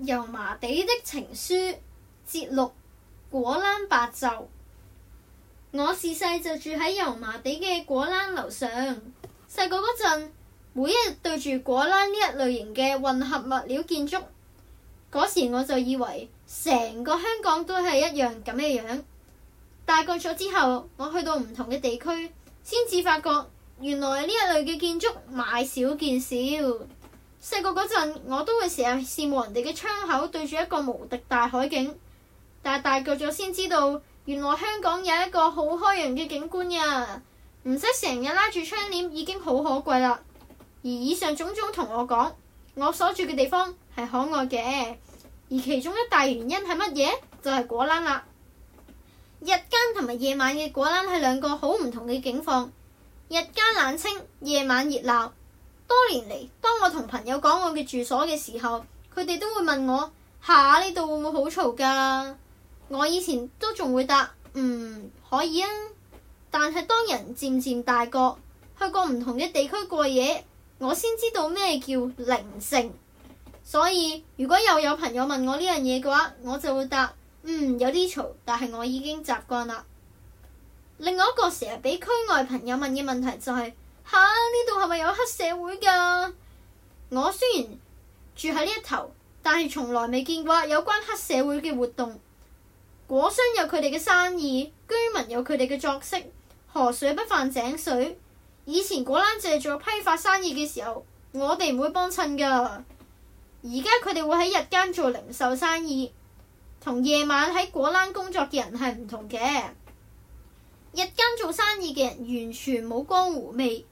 油麻地的情書，節錄果欄白畫。我自細就住喺油麻地嘅果欄樓上。細個嗰陣，每一日對住果欄呢一類型嘅混合物料建築，嗰時我就以為成個香港都係一樣咁嘅樣，樣。大個咗之後，我去到唔同嘅地區，先至發覺原來呢一類嘅建築買少見少。細個嗰陣我都會成日羨慕人哋嘅窗口對住一個無敵大海景，但係大個咗先知道原來香港有一個好開揚嘅景觀呀！唔使成日拉住窗簾已經好可貴啦。而以上種種同我講，我所住嘅地方係可愛嘅，而其中一大原因係乜嘢？就係果欄啦。日間同埋夜晚嘅果欄係兩個好唔同嘅景況，日間冷清，夜晚熱鬧。多年嚟，當我同朋友講我嘅住所嘅時候，佢哋都會問我：下呢度會唔會好嘈㗎？我以前都仲會答：嗯，可以啊。但係當人漸漸大個，去過唔同嘅地區過夜，我先知道咩叫寧靜。所以如果又有朋友問我呢樣嘢嘅話，我就會答：嗯，有啲嘈，但係我已經習慣啦。另外一個成日俾區外朋友問嘅問題就係、是。吓，呢度係咪有黑社會㗎？我雖然住喺呢一頭，但係從來未見過有關黑社會嘅活動。果商有佢哋嘅生意，居民有佢哋嘅作息，河水不犯井水。以前果欄借做批發生意嘅時候，我哋唔會幫襯㗎。而家佢哋會喺日間做零售生意，同夜晚喺果欄工作嘅人係唔同嘅。日間做生意嘅人完全冇江湖味。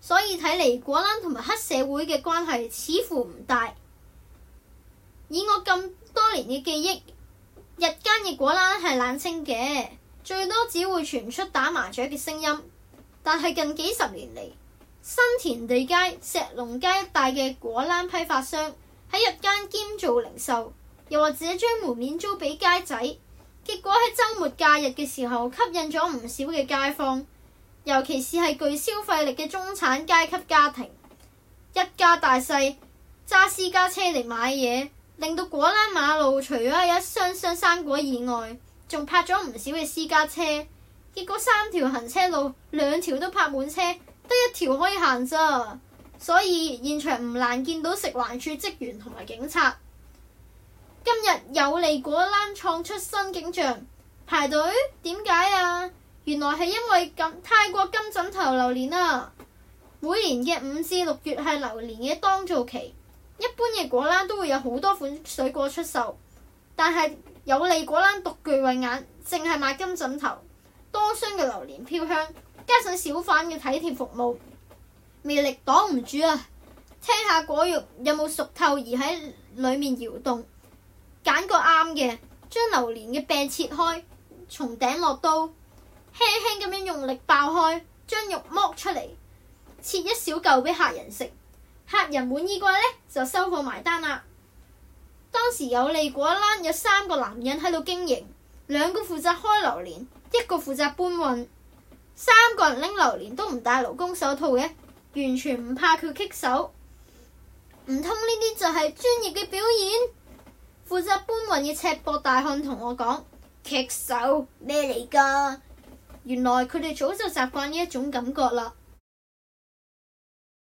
所以睇嚟果欄同埋黑社會嘅關係似乎唔大。以我咁多年嘅記憶，日間嘅果欄係冷清嘅，最多只會傳出打麻雀嘅聲音。但係近幾十年嚟，新填地街、石龍街一帶嘅果欄批發商喺日間兼做零售，又或者將門面租俾街仔，結果喺週末假日嘅時候吸引咗唔少嘅街坊。尤其是係具消費力嘅中產階級家庭，一家大細揸私家車嚟買嘢，令到果欄馬路除咗係一箱箱生果以外，仲泊咗唔少嘅私家車。結果三條行車路，兩條都泊滿車，得一條可以行咋。所以現場唔難見到食環署職員同埋警察。今日油麻地果欄創出新景象，排隊？點解啊？原來係因為咁，泰國金枕頭榴蓮啊！每年嘅五至六月係榴蓮嘅當造期，一般嘅果欄都會有好多款水果出售，但係有利果欄獨具慧眼，淨係買金枕頭，多箱嘅榴蓮飄香，加上小販嘅體貼服務，魅力擋唔住啊！聽下果肉有冇熟透而喺裏面搖動，揀個啱嘅，將榴蓮嘅柄切開，從頂落刀。輕輕咁樣用力爆開，將肉剝出嚟，切一小嚿俾客人食。客人滿意過呢，就收貨埋單啦。當時有利果欄，有三個男人喺度經營，兩個負責開榴蓮，一個負責搬運，三個人拎榴蓮都唔戴勞工手套嘅，完全唔怕佢棘手。唔通呢啲就係專業嘅表演？負責搬運嘅赤膊大漢同我講棘手咩嚟噶？原來佢哋早就習慣呢一種感覺啦。